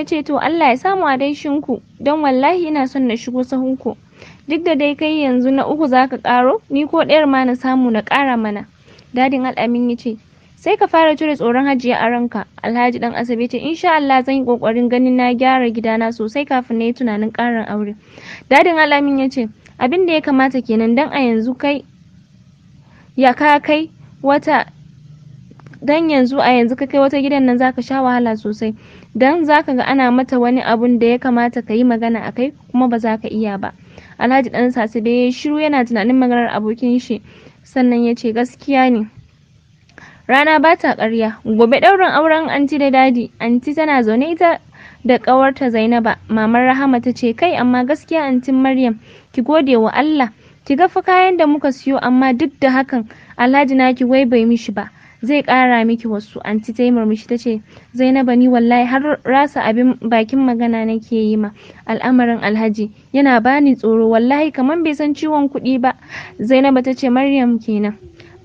ya ce to Allah ya samu a dai shinku don wallahi ina son na shigo sahunku duk da dai kai yanzu na uku zaka karo ni ko ɗayar ma na samu na ƙara mana dadin al'amin ya ce sai ka fara cire tsoron hajiya a ranka alhaji dan asabe ce insha Allah zan yi kokarin ganin na gyara gidana sosai kafin na yi tunanin ƙarin aure dadin al'amin ya ce abin da ya kamata kenan dan a yanzu kai ya ka kai wata dan yanzu a yanzu ka kai wata gidan nan zaka sha wahala sosai dan zaka ga ana mata wani abun da ya kamata ka yi magana a kai kuma ba za ka iya ba alhaji dan sasabe ya shiru yana tunanin maganar abokin shi sannan ya ce gaskiya ne rana ba ta ƙarya gobe ɗaurin auren anti da dadi anti tana zaune ita da ƙawarta zainaba mamar rahama ta ce kai amma gaskiya antin maryam ki gode wa allah ki ga fa kayan da muka siyo amma duk da hakan alhaji naki wai bai mishi ba zai ƙara miki wasu anti ta yi ta ce zainaba ni wallahi har rasa abin bakin magana nake yi ma al'amarin alhaji yana bani tsoro wallahi kamar bai san ciwon kuɗi ba zainaba ta ce maryam kenan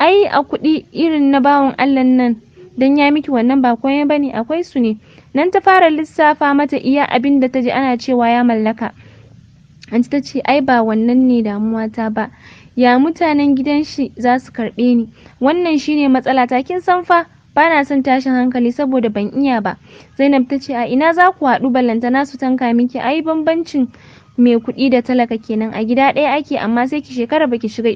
ai a kuɗi irin na bawan allah nan dan ya miki wannan ba ya bane akwai su ne nan ta fara lissafa mata iya abin da ta ji ana cewa ya mallaka anti ta ce ai ba wannan ne damuwata ba ya mutanen gidan shi za su karɓe ni wannan shine matsala ta kin san fa ba na son tashin hankali saboda ban iya ba zainab ta ce a ina za ku haɗu ballantana su tanka miki ai bambancin mai kuɗi da talaka kenan a gida ɗaya ake amma sai ki shekara baki shiga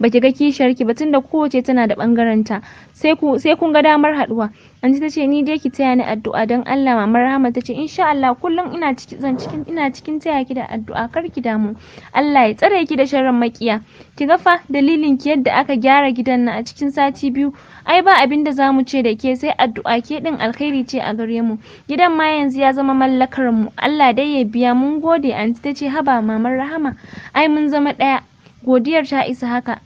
baki ga kishiyarki ba tunda kowace tana da bangaren ta sai kun ga damar haduwa ta ce ni dai ki taya ni addu'a don Allah mamar Rahama ce insha Allah kullum ina cikin zan cikin ina cikin taya ki da addu'a kar ki damu Allah ya tsare ki da sharrin makiya ki ga fa dalilin ki yadda aka gyara gidan nan a cikin sati biyu ai ba abin da zamu ce da ke sai addu'a ke din alkhairi ce a gare mu gidan ma yanzu ya zama mallakar mu Allah dai ya biya mun gode an ta ce haba mamar Rahama ai mun zama ɗaya. godiyar ta isa haka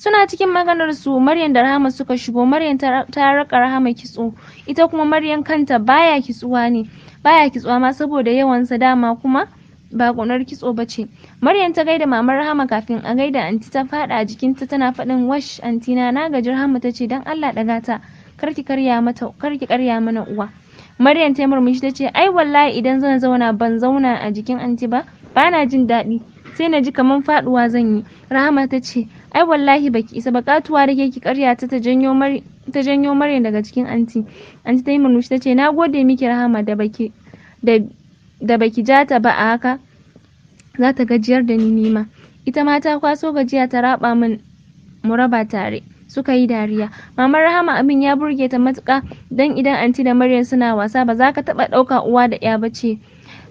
Suna cikin maganar su Maryam da Rahama suka shigo. Maryam ta raka Rahama kitso, ita kuma Maryam kanta baya kitsuwa ne. Baya kitsuwa ma saboda yawan sa dama kuma ba gonar kitso ba ce. Maryam ta gaida mamar Rahama kafin a gaida anti ta faɗa a jikinta tana faɗin wash anti na na gaji Rahama ta ce dan Allah ɗaga ta kar ki karya mata karki karya mana uwa. Maryam ta murmushi ta ce ai wallahi idan zan zauna ban zauna a jikin anti ba bana jin daɗi sai na ji kaman faɗuwa zan yi. Rahama ta ce ai wallahi baki isa ba katuwa da ki karya ta janyo mar ta janyo Maryam daga cikin anti anti ta yi murmushi ta ce nagode miki rahama da baki da da baki ja ta ba a haka za ta gajiyar da ni nima ita ma ta kwaso gajiya ta raba min mu raba tare suka yi dariya mamar rahama abin ya burge ta matuka dan idan anti da Maryam suna wasa ba za ka taba dauka uwa da ya bace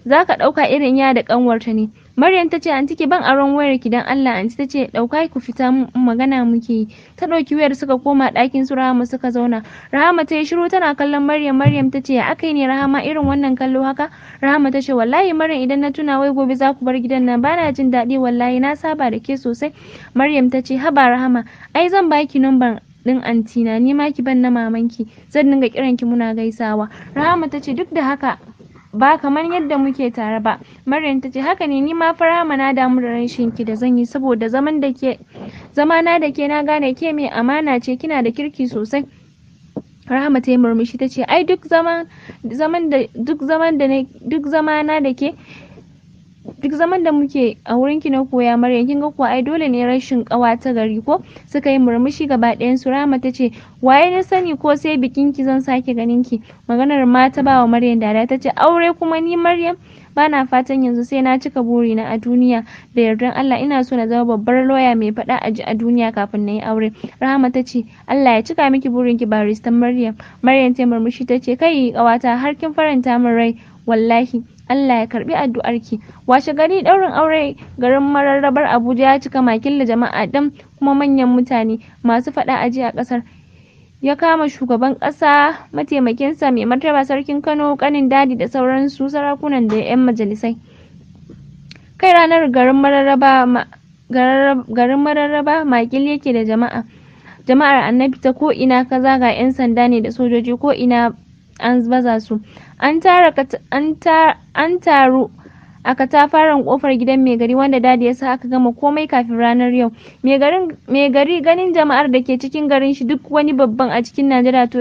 za ka dauka irin ya da kanwarta ne Maryam ta ce anti ke ban aron wayar ki dan Allah anti ta ce dauka ku fita magana muke yi. Ta dauki wayar suka koma ɗakin su Rahama suka zauna. Rahama ta yi shiru tana kallon Maryam Maryam ta ce ya akai ne Rahama irin wannan kallo haka? Rahama ta ce wallahi Maryam idan na tuna wai gobe za ku bar gidan nan bana jin daɗi wallahi na saba da ke sosai. Maryam ta ce haba Rahama ai zan baki numban din antina ni ma ki ban na mamanki zan dinga kiran ki muna gaisawa rahama ta ce duk da haka ba kamar yadda muke tare ba maryam ta ce haka ne ni ma na damu da rashin ki da zan yi saboda zaman da ke zama na da ke na gane ke mai amana ce kina da kirki sosai rahama ta yi murmushi ta ce ai duk zaman zaman da duk zaman da duk zama na da ke duk zaman da muke a wurin ki na koya Maryam kin ga kuwa ai dole ne rashin kawa ta gari ko suka yi murmushi gaba ɗayan su Rama ta ce waye na sani ko sai bikin ki zan sake ganin ki maganar ma ta ba wa Maryam dada ta ce aure kuma ni Maryam bana fatan yanzu sai na cika buri na a duniya da yardan Allah ina so na zama babbar loya mai faɗa a ji a duniya kafin na yi aure Rahama ta ce Allah ya cika miki burin ki baristan Maryam Maryam ta murmushi ta ce kai kawata har kin faranta min rai wallahi Allah ya karbi addu'arki washe gari daurin aure garin mararrabar Abuja ya cika makin da jama'a dan kuma manyan mutane masu fada aji a kasar ya kama shugaban ƙasa mataimakinsa mai martaba sarkin kano kanin dadi da sauran su sarakunan da 'yan majalisai kai ranar garin mararraba garin mararraba makil yake da jama'a jama'ar annabi ta ko ina kaza ga 'yan sanda ne da sojoji ko ina an baza su an taru a katafaren kofar gidan mai gari wanda dadi ya sa aka gama komai kafin ranar yau mai gari ganin jama'ar da ke cikin garin shi duk wani babban a cikin najeriya to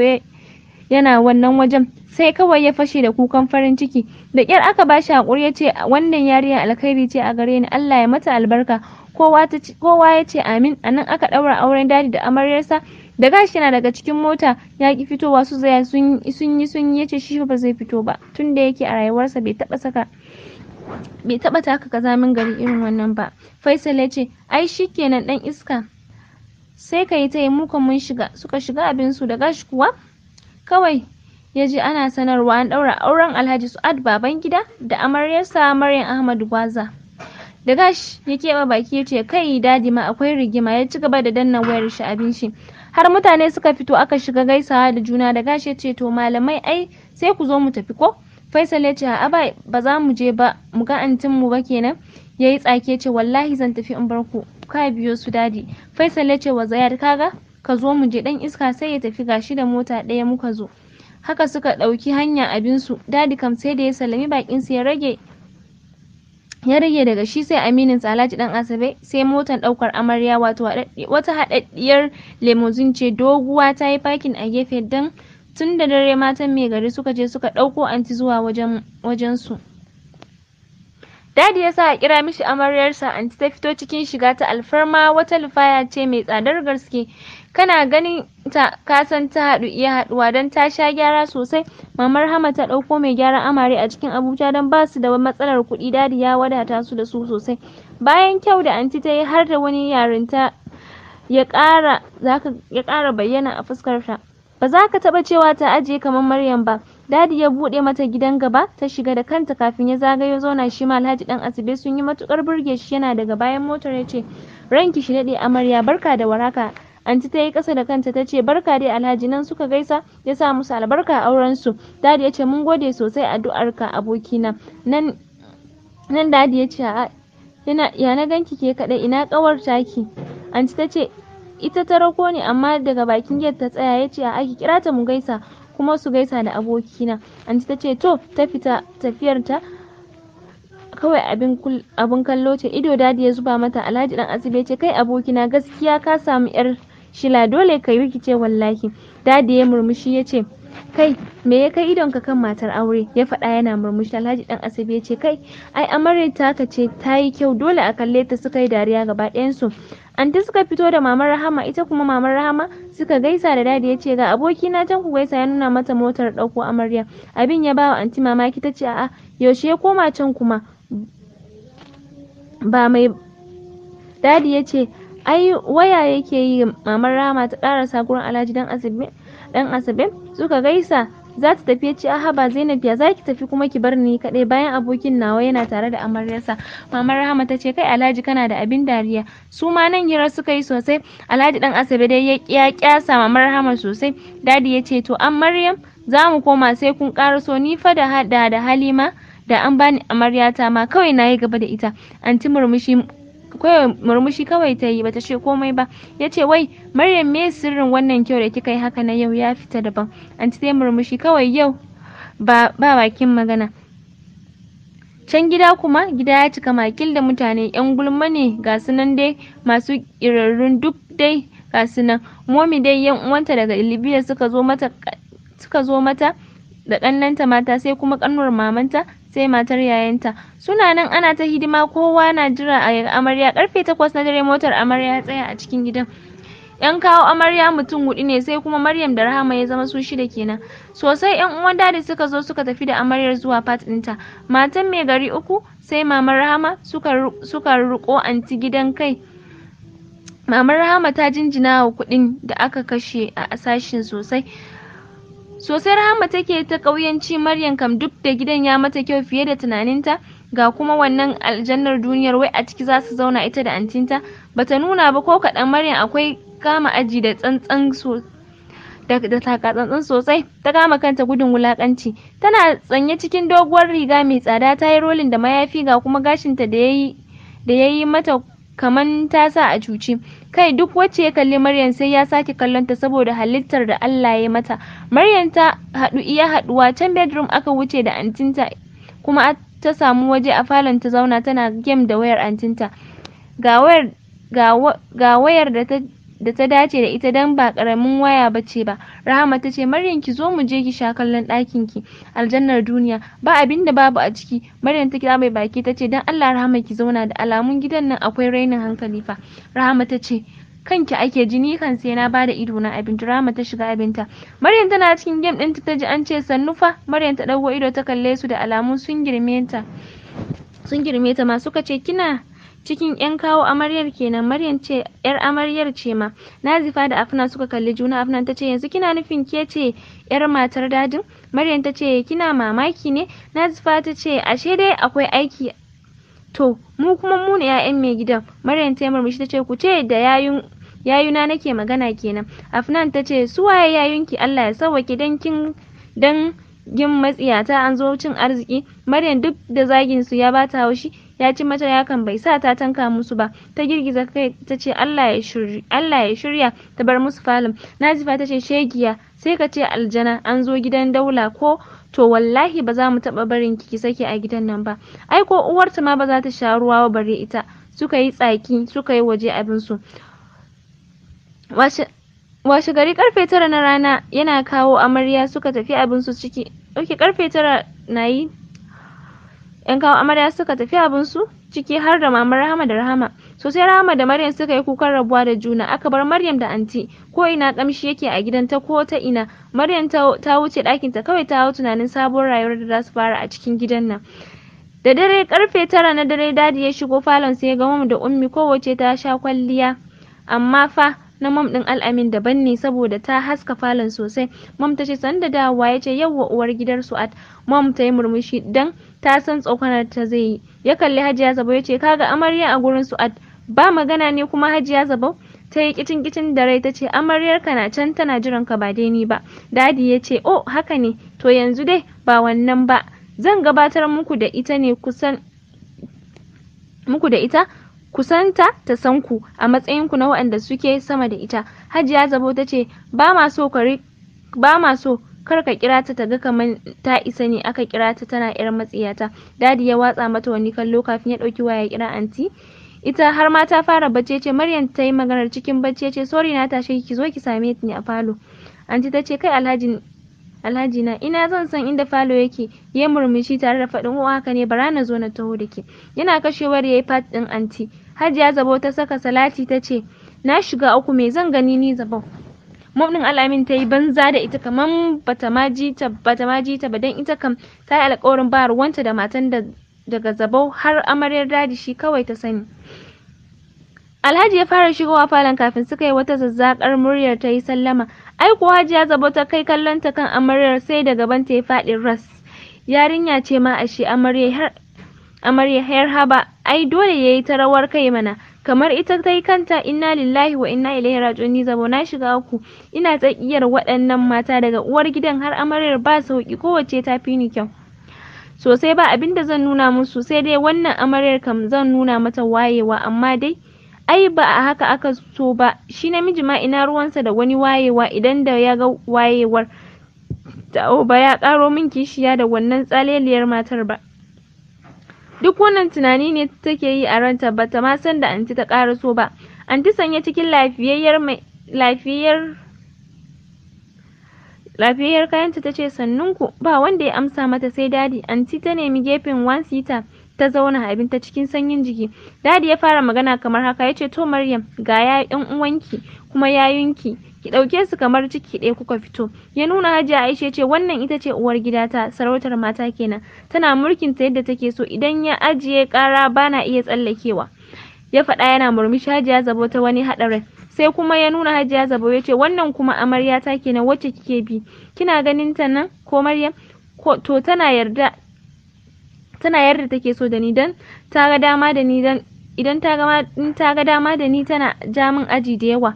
yana wannan wajen sai kawai ya fashe da kukan farin ciki da kyar aka bashi hakuri ya ce wannan yarinyar alkhairi ce a gare ni allah ya mata albarka kowa ya ce amin anan aka ɗaura auren dadi da amaryarsa da gashi yana daga cikin mota ya ki fitowa su zaya sun yi sun yi yace shi ba zai fito ba tunda yake a rayuwarsa bai taba saka bai taba taka kazamin gari irin wannan ba faisal ya ce ai shikenan dan iska sai ka yi ta yi muka mun shiga suka shiga abin su da gashi kuwa kawai ya ji ana sanarwa an daura auren alhaji su'ad baban gida da amaryarsa maryam ahmad gwaza da gash ya keɓe baki ya ce kai dadi ma akwai rigima ya ci gaba da danna wayar shi abin shi har mutane suka fito aka shiga gaisawa da juna da gashi ce to malamai ai sai ku zo mu tafi ko faisal ya ce a ba ba za mu je ba mu ga antin mu ba kenan yayi tsake ce wallahi zan tafi in bar ku ka biyo su dadi faisal ya ce wa zayar kaga ka zo mu je dan iska sai ya tafi gashi da mota ɗaya muka zo haka suka ɗauki hanya abinsu dadi kam sai da ya salami bakin su ya rage ya rage daga shi sai aminin sa dan asabe sai motar daukar amarya wato wata haɗaɗɗiyar limousine ce doguwa ta yi parking a gefe don tun da dare matan mai gari suka je suka ɗauko anti zuwa wajen su Dadi ya sa a kira mishi amaryarsa, an ta fito cikin shiga ta alfarma wata lufaya ce mai tsadar gaske. Kana ganin ta kasan ta haɗu iya haduwa don ta sha gyara sosai. Mamar Hama ta ɗauko mai gyara amare a cikin Abuja don ba su da matsalar kuɗi dadi ya wadata su da su sosai. Bayan kyau da anti ta yi har da wani yarinta ya ƙara ya ƙara bayyana a fuskarta. Ba za ka taɓa cewa ta ajiye kamar Maryam ba. Dadi ya buɗe mata gidan gaba, ta shiga da kanta kafin ya zagayo zauna shi ma Alhaji dan Asibe sun yi matukar burge shi yana daga bayan motar ya ce, Ranki shi daɗe amarya barka da waraka Anti ta yi ƙasa da kanta ta ce barka dai Alhaji nan suka gaisa ya sa musu albarka a auren su. Dadi ya ce mun gode sosai addu'arka abokina. Nan nan Dadi ya ce a yana ya na ganki ke kaɗai ina kawar taki. Anti ta ce ita ta rako ne amma daga bakin gate ta tsaya ya ce a ki kira ta mu gaisa. kuma su gaisa da abokina anti ta ce to ta fita tafiyarta kawai abin kallo ce ido dadi ya zuba mata alhaji dan asibe ce kai abokina gaskiya ka samu yar shila dole ka rikice wallahi dadi ya murmushi ya ce kai me ya kai idonka kan matar aure ya faɗa yana murmushi alhaji dan asabi ya ce kai ai amarya ka ce ta yi kyau dole a kalle ta suka yi dariya gaba ɗayansu anti suka fito da mamar rahama ita kuma mamar rahama suka gaisa da dadi ya ce ga aboki na can ku gaisa ya nuna mata motar ɗauko amarya abin ya bawa anti mamaki ta ce a'a yaushe ya koma can kuma ba mai dadi ya ce ai waya yake yi mamar rahama ta ƙarasa gurin alhaji dan asabe ɗan Asabe suka gaisa za ta tafi ce aha Zainab ya zaki tafi kuma ki bar ni kaɗai bayan abokin nawa yana tare da amaryarsa mamar Rahama ta ce kai Alhaji kana da abin dariya su ma nan hira suka yi sosai Alhaji ɗan Asabe dai ya kyasa mamar Rahama sosai dadi ya ce to an Maryam za mu koma sai kun karaso ni fa da da Halima da an bani amaryata ma kawai nayi gaba da ita anti murmushi kawai murmushi kawai ta yi bata ce komai ba ya ce wai maryam me sirrin wannan kyau da kika yi haka na yau ya fita daban an ta murmushi kawai yau ba bakin magana can gida kuma gida ya cika makil da mutane yan gulma ne ga su nan dai masu ƙirarrun duk dai ga su momi dai yan uwanta daga libya suka zo mata suka zo mata da ƙannanta mata sai kuma ƙanwar mamanta sai matar yayanta suna nan ana ta hidima kowa na jira a yaga amarya karfe takwas na dare motar amarya tsaya a cikin gidan yan kawo amarya mutum hudu ne sai kuma maryam da rahama ya zama su shida kenan sosai yan uwan dadi suka zo suka tafi da amaryar zuwa fat ɗinta matan mai gari uku sai mamar rahama suka suka ruko anti gidan kai mamar rahama ta jinjina wa kuɗin da aka kashe a sashin sosai Sosai Rahama take ta ƙauyanci Maryam kam duk da gidan ya mata kyau fiye da tunaninta ga kuma wannan aljannar duniyar wai a ciki za su zauna ita da antinta bata nuna ba ko kaɗan Maryam akwai kama aji da tsantsan so da, da tsantsan sosai ta kama kanta gudun wulakanci tana tsanye cikin doguwar riga mai tsada ta yi rolin da mayafi ga kuma gashinta da ya yi da ya yi mata kaman ta sa a cuci kai duk wacce ya kalli Maryam sai ya sake kallonta saboda halittar da Allah ya mata Maryam ta haɗu iya haɗuwa can bedroom aka wuce da antinta kuma ta samu waje a falon ta zauna tana game da wayar antinta ga wayar ga wayar da ta da ta dace da ita dan ba karamin waya ce ba rahama ta ce maryam ki zo mu je ki sha kallon ɗakin ki aljannar duniya ba abin da babu a ciki maryam ta kira mai baki ta ce dan allah rahama ki zauna da alamun gidan nan akwai rainin hankali fa rahama ta ce kanki ake jini kan sai na bada ido na abin rahama ta shiga abinta Maryam tana cikin game ɗinta ta ji an ce sannu fa Maryam ta ɗago ido ta kalle su da alamun sun girme ta sun girme ta ma suka ce kina cikin ƴan kawo amaryar kenan maryam ce ƴar amaryar ce ma nazifa da afna suka kalli juna afnan ta ce yanzu kina nufin ke ce ƴar matar dadin maryam ta ce kina mamaki ne nazifa ta ce ashe dai akwai aiki to mu kuma mu ne 'ya'yan mai gidan maryam ta murmushi ta ce ku ce da yayun yayuna nake magana kenan afnan ta ce su waye yayunki allah ya sauwake dan kin dan gin matsiyata an zo cin arziki maryam duk da zagin su ya bata haushi ya ci mata yakan bai sa ta tanka musu ba ta girgiza kai ta ce Allah ya shirya Allah ya shirya ta bar musu falon Nazifa ta ce shegiya sai ka ce aljana an zo gidan daula ko to wallahi ba za mu taba barin ki sake a gidan nan ba ai ko uwarta ma ba za ta sha ruwa ba bare ita suka yi tsaki suka yi waje abin su washe gari karfe tara na rana yana kawo amarya suka tafi abin su ciki ok karfe tara na yi 'yan kawo amarya suka tafi abinsu ciki har da mamar rahama da rahama sosai rahama da maryam suka yi kukan rabuwa da juna aka bar maryam da anti ko ina kamshi yake a gidanta ko ta ina maryam ta wuce ɗakinta kawai ta hau tunanin sabuwar rayuwar da za su fara a cikin gidan nan da dare karfe tara na dare dadi ya shigo falon sai ya ga mamu da ummi kowace ta sha kwalliya amma fa na mam din al'amin daban ne saboda ta haska falon sosai mam ta ce sanda dawowa yace ce yawwa uwar gidar su'ad mam ta yi murmushi dan ta san tsokanar ta zai yi ya kalli hajiya zabo yace ce kaga amarya a gurin su'ad ba magana ne kuma hajiya zabo ta yi kicin kicin da rai ta ce ka na can tana jiran ka ba dai ba dadi yace ce oh haka ne to yanzu dai ba wannan ba zan gabatar muku da ita ne kusan muku da ita kusanta ta san ku a matsayin ku na waɗanda suke sama da ita hajiya zabo ta ce ba ma so ba ma so kar ka kira ta taga kamar ta isa ne aka kira ta tana yar matsiyata dadi ya watsa mata wani kallo kafin ya dauki waya kira anti ita har ma ta fara bacci ce maryam ta yi maganar cikin bacci ce sorry na tashe ki zo ki same ni a falo anti ta ce kai alhaji Alhaji na ina zan san inda falo yake ya murmushi tare da faɗin uwa haka ne bara na zo na taho da ke yana kashewar yayi fat din anti Hajiya Zabo ta saka salati ta ce na shiga uku me zan gani ni Zabo mom Alamin ta yi banza da ita kaman bata ma ji ta ma ji ta ba dan ita kam ta yi alƙawarin ba ruwanta da matan da daga Zabo har amaryar daji shi kawai ta sani Alhaji ya fara shigowa falon kafin suka yi wata zazzakar muryar ta yi sallama Ai kuwa Hajiya Zabo ta kai kallon ta kan amaryar sai da ta ya faɗi ras. Yarinya ce ma ashe amarya har amarya haba ai dole yayi ta rawar kai mana kamar ita ta yi kanta inna lillahi wa inna ilaihi raji'un ni zabo na shiga uku ina tsakiyar waɗannan mata daga uwar gidan har amaryar ba sauki kowace ta fi ni kyau sosai ba abinda zan nuna musu sai dai wannan amaryar kam zan nuna mata wayewa amma dai ai ba a haka aka so ba shi namiji ma ina ruwansa da wani wayewa idan da ya ga wayewar ba ya ƙaro min kishiya da wannan tsaleliyar matar ba duk wannan tunani ne take yi a ranta ba ta ma san da anti ta ƙara so ba anti sanya cikin lafiyayyar mai lafiyayyar lafiyayyar kayanta ta ce sannunku ba wanda ya amsa mata sai dadi anti ta nemi gefen one seater ta zauna abin ta cikin sanyin jiki dadi ya fara magana kamar haka yace to maryam ga yayan uwanki kuma yayunki ki dauke su kamar ciki ɗaya kuka fito ya nuna hajiya aisha ce wannan ita ce uwar gidata sarautar mata kenan tana mulkin ta yadda take so idan ya ajiye kara bana iya tsallakewa ya faɗa yana murmushi hajiya zabo ta wani haɗarin sai kuma ya nuna hajiya zabo ya ce wannan kuma amarya ta kenan wacce kike bi kina ganin ta nan ko maryam ko to tana yarda tana yarda take so da ni dan ta ga dama da ni dan idan ta ga dama da ni tana ja min aji da yawa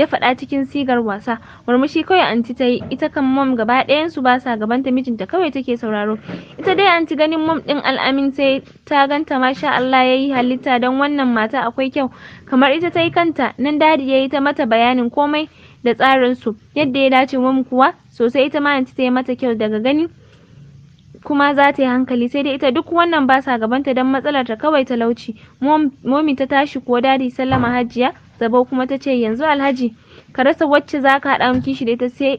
ya faɗa cikin sigar wasa murmushi kawai anti ta yi ita kan mom gaba ɗayan su ba sa gabanta mijinta kawai take sauraro ita dai anti ganin mom ɗin al'amin sai ta ganta masha Allah ya yi halitta don wannan mata akwai kyau kamar ita ta yi kanta nan dadi ya yi ta mata bayanin komai da tsarin su yadda ya dace mom kuwa sosai ita ma anti ta yi mata kyau daga gani kuma za ta yi hankali sai dai ita duk wannan ba sa gabanta don matsalar ta kawai talauci momi ta tashi kuwa dadi sallama hajiya zabo kuma ta ce yanzu alhaji ka rasa wacce za ka haɗa shi da ita sai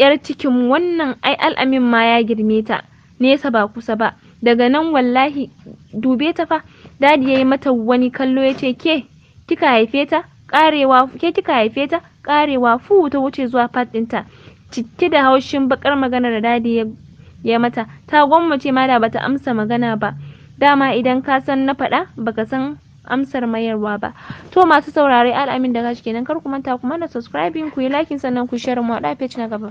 yar cikin wannan ai al'amin ma ya girme ta nesa ba kusa ba daga nan wallahi dube ta fa dadi ya yi mata wani kallo ya ce ke kika haife ta karewa ke kika haife ta karewa fu ta wuce zuwa fat ɗinta cike da haushin bakar maganar da dadi ya ya mata ta gwammace ma da bata amsa magana ba dama idan ka san na faɗa baka san amsar mayarwa ba to masu saurare al'amin da gashi kenan kar ku manta ku mana subscribing ku yi liking sannan ku share mu a page na gaba